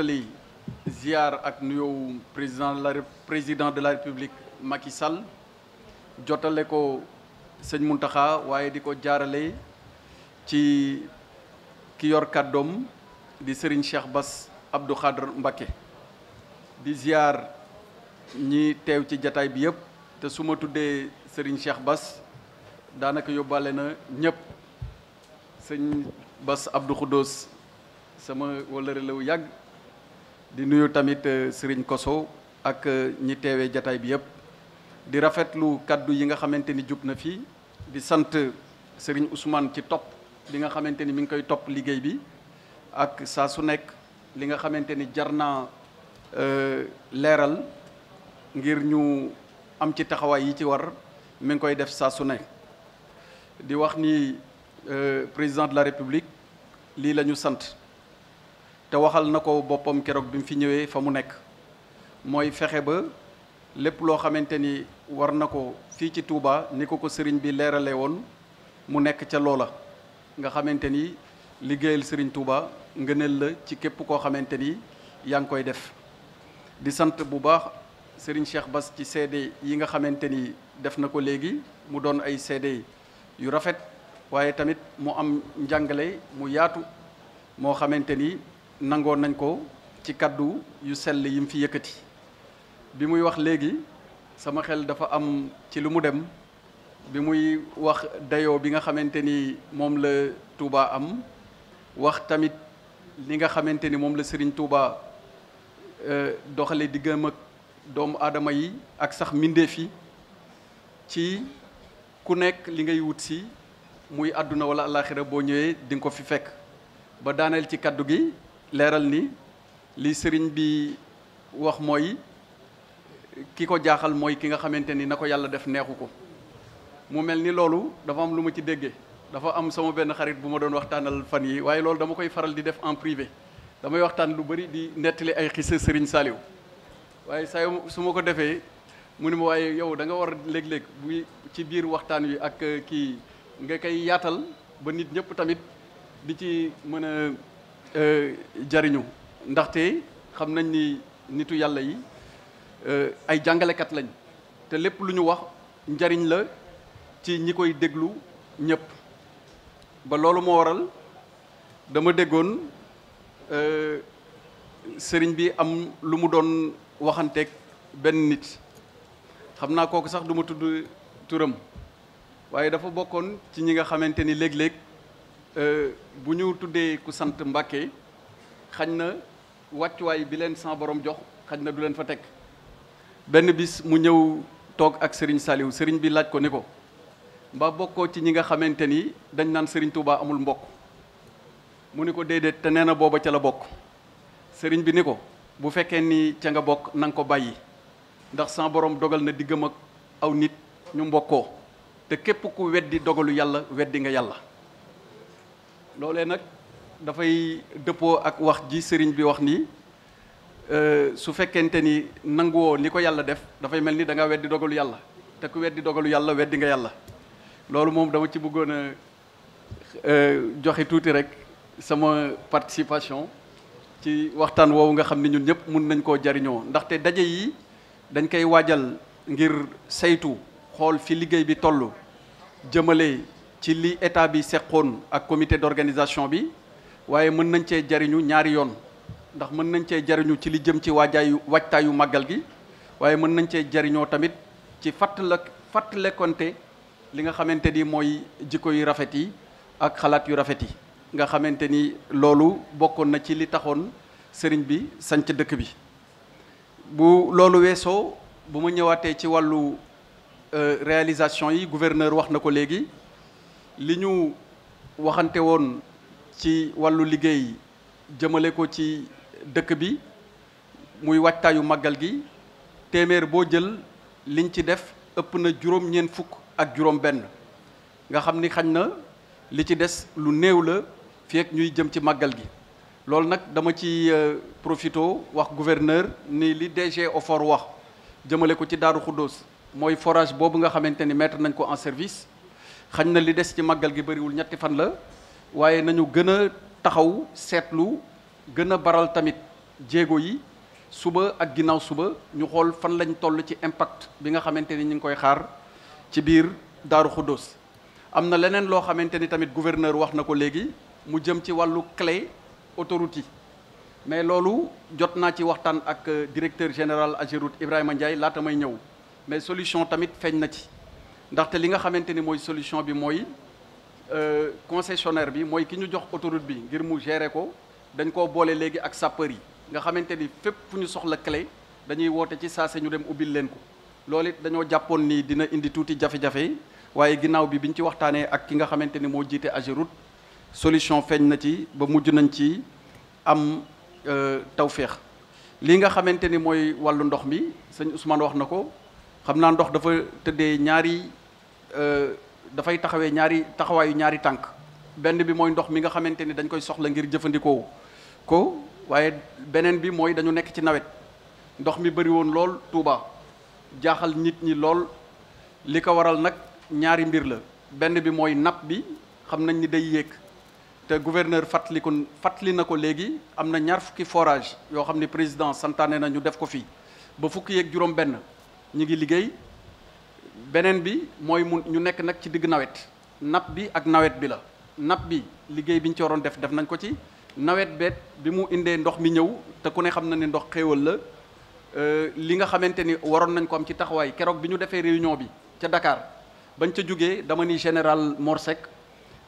jottali ziar ak nuyoo président de la président de la république Macky sal jotale ko sëñ Mountakha waaye di ko jaarale ci ki yor kàddoom di Serigne Cheikh Bass Abdou Khadr Mbacké di ziar ñi teew ci jataay bi yëpp te su ma tuddee Serigne Cheikh Bass daanaka yóbbaale na ñëpp sëñ Bass Abdou Khoudoss sama wala relawu yàgg di nuyu tamit euh, Serigne Koso ak euh, ñi teewee jataay bi yëpp di rafetlu kàddu yi nga xamante ni jub na fi di sant Serigne usman ci topp li nga xamante ni mi ngi koy topp liggéey bi ak saa su nekk li nga xamante ni jar naa euh, leeral ngir ñu am ci taxawaay yi ci war mi ngi koy def saa su nekk di wax ni président de la république lii lañu sant te waxal na ko boppam keroog bi mu fi ñëwee fa mu nekk mooy fexe ba lépp loo xamante ni war na ko fii ci Touba ni ko ko sëriñ bi leerale woon mu nekk ca loola nga xamante ni liggéeyal sëriñ Touba ngëneel la ci képp koo xamante ni yaa ngi koy def di sant bu baax sëriñ Cheikh Bass ci seede yi nga xamante ni def na ko léegi mu doon ay seede yu rafet waaye tamit mu am njàngale mu yaatu moo xamante ni nangoo nañ ko ci kàddu yu sell yi mu fi yëkkati bi muy wax léegi sama xel dafa am ci lu mu dem bi muy wax dayoo bi nga xamante ni moom la Touba am wax tamit li nga xamante ni moom la Serigne Touba euh, doxale diggam ak doomu aadama yi ak sax mbindeef yi ci ku nekk li ngay wut si muy àdduna wala àllaaxira boo ñëwee di ko fi fekk ba daaneel ci kaddu gi. leeral ni li sëriñ bi wax mooy ki ko jaaxal mooy ki nga xamante ni na ko yàlla def neexu ko mu mel ni loolu dafa am lu ma ci dégge dafa am sama benn xarit bu ma doon waxtaanal fan yi waaye loolu dama koy faral di def en privé damay waxtaan lu bari di nettali ay xisa sëriñ Saliou waaye saa su ma ko defee mu ne ma waaye yow danga nga war léeg-léeg bu ci biir waxtaan wi ak kii nga koy yaatal ba nit ñëpp tamit di ci mën a Euh, jariñu ndaxte xam nañ ni nitu yàlla yi euh, ay jàngalekat lañ te lépp lu ñu wax njariñ la ci ñi koy déglu ñëpp ba loolu moo waral dama déggoon euh, sëriñ bi am lu mu doon waxanteeg benn nit xam naa kooku sax du ma tudd turam waaye dafa bokkoon ci ñi nga xamante ni léeg-léeg Euh, bu ñu tuddee ku sant Mbàkke xañ na wàccuwaay bi leen sans borom jox xañ na du leen fa teg benn bis mu ñëw toog ak sëriñ Saliou Serigne bi laaj ko ni ko mbaa bokkoo ci ñi nga xamante ni dañ naan Serigne Touba amul mbokk mu ni ko déedéet te nee na booba ca la bokk sëriñ bi ni ko bu fekkee ni ca nga bokk na ko bàyyi ndax sans borom dogal na diggam ak aw nit ñu mbokkoo te képp ku weddi dogalu yàlla weddi nga yàlla loolee nag dafay dëppoo ak wax ji sëriñ bi wax nii euh, su fekkente ni nanguwoo li ko yàlla def dafay mel ni da nga weddi dogalu yàlla te ku weddi dogalu yàlla weddi nga yàlla loolu moom dama ci bëggoon a euh, joxe tuuti rek sama participation ci waxtaan woowu nga xam ni ñun ñëpp mun nañ koo jariñoo ndaxte daje yi dañ koy waajal ngir saytu xool fi liggéey bi toll jëmale ci li état bi seqoon ak comité d'organisation bi waaye mën nañ cee jariñu ñaari yoon ndax mën nañ cee jariñu ci li jëm ci waajaayu waajtaayu màggal gi waaye mën nañ cee jariñoo tamit ci fàttala fàttalekonte li nga xamante ni mooy jikko yu rafet yi ak xalaat yu rafet yi nga xamante ni loolu bokkoon na ci li taxoon sëriñ bi sanc dëkk bi bu loolu weesoo bu ma ñëwaatee ci wàllu euh, réalisation yi gouverneur wax na ko léegi li ñu waxante woon ci wàllu liggéey jëmale ko ci dëkk bi muy waajtaayu màggal gi téeméer boo jël liñ ci def ëpp na juróom-ñeent fukk ak juróom-benn nga xam ni xañ na li ci des lu néew la fii ak ñuy jëm ci màggal gi loolu nag dama ci euh, profito wax gouverneur ni li DG OFOR wax jëmale ko ci Daaru Xuddoos mooy forage boobu nga xamante ni mettre nañ ko en service. xañ na li des ci màggal gi bëriwul ñetti fan la waaye nañu gën a taxaw seetlu gën a baral tamit jéego yi suba ak ginnaaw suba ñu xool fan lañ toll ci impact bi nga xamante ni ñu ngi koy xaar ci biir Daaru Xuddoos am na leneen loo xamante ni tamit gouverneur wax na ko léegi mu jëm ci wàllu clé autoroute yi mais loolu jot naa ci waxtaan ak directeur général Ageroute Ibrahima Ndiaye laata may ñëw mais solution tamit feeñ na ci ndaxte li nga xamante ni mooy solution bi mooy euh, concessionnaire bi mooy ki ñu jox autoroute bi ngir mu gérer ko dañ koo boole léegi ak sapeur yi nga xamante ni fépp fu ñu soxla clé dañuy woote ci saa si ñu dem ubbil leen ko loolu it dañoo jàppoon ni dina indi tuuti jafe-jafe waaye ginnaaw bi bi ñu ci waxtaanee ak ki nga xamante ni moo jiite AGEROUTE solution feeñ na ci ba mujj nañ ci am euh, tawféex lii nga xamante ni mooy wàllu ndox mi sëñ Ousmane wax na ko xam naa ndox dafa tëddee ñaari. Euh, dafay taxawee ñaari taxawaayu ñaari tànk benn bi mooy ndox mi nga xamante ni dañ koy soxla ngir jëfandikoo ko waaye beneen bi mooy dañu nekk ci nawet ndox mi bëri lool Touba jaaxal nit ñi lool li ko waral nag ñaari mbir la benn bi mooy napp bi xam nañ ni day yéeg te gouverneur fàttali ko fàttali na ko léegi am na ñaar fukki forage yoo xam ne président santaane na ñu def ko fii ba fukki yéeg juróom benn ñi ngi liggéey beneen bi mooy mu ñu nekk nag ci diggu nawet napp bi ak nawet bi la napp bi liggéey bi ñu ci waroon def def nañ ko ci nawet beet bi mu indee ndox mi ñëw te ku ne xam na ne ndox xéewal la euh, li nga xamante ni waroon nañ ko am ci taxawaay keroog bi ñu defee réunion bi ca Dakar bañ ca jógee dama ni général Mor Seck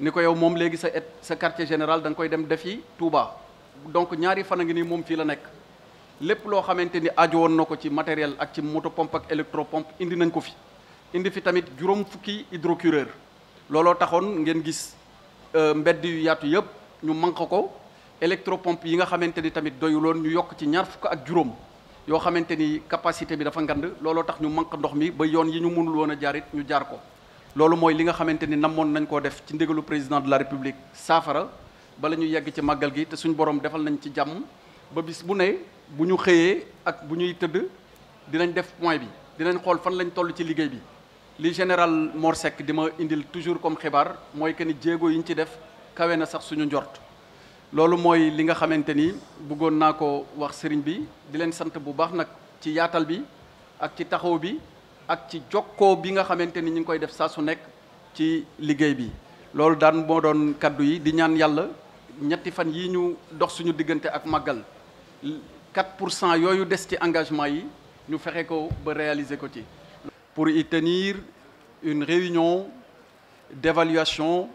ni ko yow moom léegi sa et sa quartier général da nga koy dem def defi Touba donc ñaari fan a ngi nii moom fii la nekk lépp loo xamante ni aajo woon na ko ci matériel ak ci moto pompe ak électropompe indi nañ ko fi indi fi tamit juróom fukki hydrocureur looloo taxoon ngeen gis euh, mbedd yu yaatu yëpp ñu manqué ko électropompe yi nga xamante ni tamit doyuloon ñu yokk ci ñaar fukk ak juróom yoo xamante ni capacité bi dafa ngand looloo tax ñu manqué ndox mi ba yoon yi ñu mënul woon a jaarit ñu jaar ko loolu mooy li nga xamante ni namoon nañ koo def ci ndigalu président de la république saafara bala ñu yegg ci màggal gi te suñ borom defal nañ ci jàmm ba bis bu ne bu ñu xëyee ak bu ñuy tëdd dinañ def point bi dinañ xool fan lañ toll ci liggéey bi li général Mor Seck di ma indil toujours comme xibaar mooy que ni jéego yi ñu ci def kawe na sax suñu njort loolu mooy li nga xamante ni bëggoon naa ko wax sëriñ bi di leen sant bu baax nag ci yaatal bi ak ci taxaw bi ak ci jokkoo bi nga xamante ni ñu ngi koy def saa su nekk ci liggéey bi. loolu daan moo doon kàddu yi di ñaan yàlla ñetti fan yi ñu dox suñu diggante ak màggal 4 pour cent yooyu des ci engagement yi ñu fexe ko ba réaliser ko ci. pour y tenir une réunion d'évaluation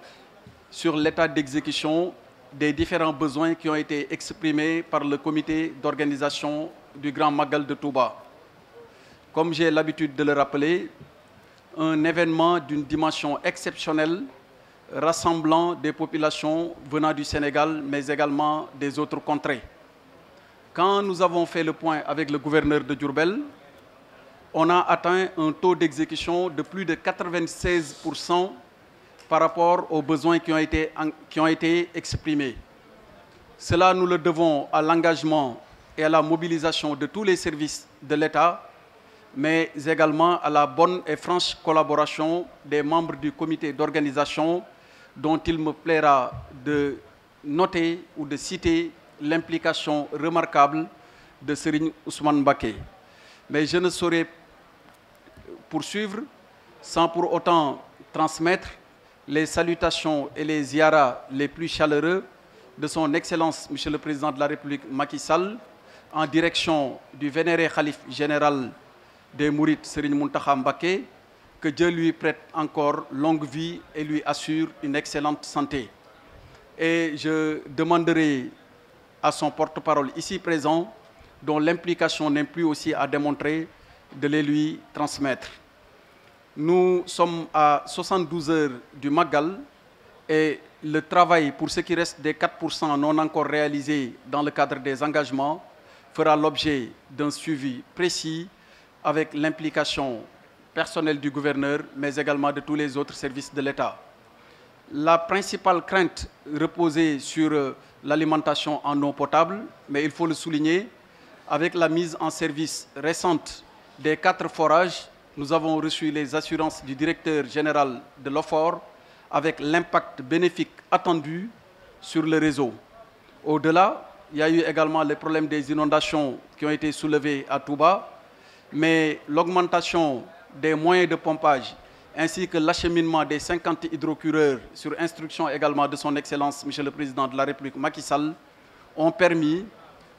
sur l'état d'exécution des différents besoins qui ont été exprimés par le comité d'organisation du Grand Magal de Touba. Comme j'ai l'habitude de le rappeler, un événement d'une dimension exceptionnelle rassemblant des populations venant du Sénégal, mais également des autres contrées. Quand nous avons fait le point avec le gouverneur de Djurbel, on a atteint un taux d'exécution de plus de 96% par rapport aux besoins qui ont, été, qui ont été exprimés. Cela, nous le devons à l'engagement et à mobilisation de tous les services de l'État, mais également à la bonne et franche collaboration des membres du comité d'organisation dont il me plaira de noter ou de citer l'implication remarquable de Serigne Ousmane Baké. Mais je ne pour poursuivre sans pour autant transmettre les salutations et les ziyaras les plus chaleureux de son Excellence Monsieur le Président de la République Macky Sall en direction du vénéré khalife général des Mourides Serigne Mountakha Mbacké que Dieu lui prête encore longue vie et lui assure une excellente santé. Et je demanderai à son porte-parole ici présent, dont l'implication n'est plus aussi à démontrer, de les lui transmettre. Nous sommes à 72 heures du Magal et le travail pour ce qui reste des 4% non encore réalisés dans le cadre des engagements fera l'objet d'un suivi précis avec l'implication personnelle du gouverneur, mais également de tous les autres services de l'État. La principale crainte reposait sur euh, l'alimentation en eau potable, mais il faut le souligner, avec la mise en service récente des quatre forages, nous avons reçu les assurances du directeur général de l'OFOR avec l'impact bénéfique attendu sur le réseau. Au-delà, il y a eu également le problème des inondations qui ont été soulevées à Touba, mais l'augmentation des moyens de pompage ainsi que l'acheminement des 50 hydrocureurs sur instruction également de son Excellence, Monsieur le Président de la République Macky Sall, ont permis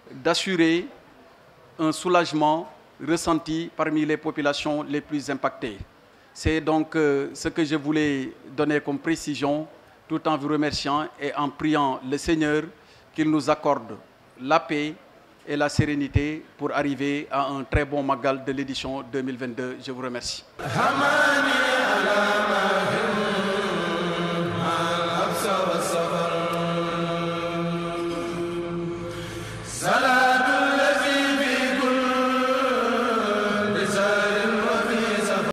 d'assurer un soulagement ressentie parmi les populations les plus impactées. C'est donc euh, ce que je voulais donner comme précision, et en priant le Seigneur qu'il nous accorde la paix et pour arriver à un très bon Magal de l'édition 2022. Je vous remercie.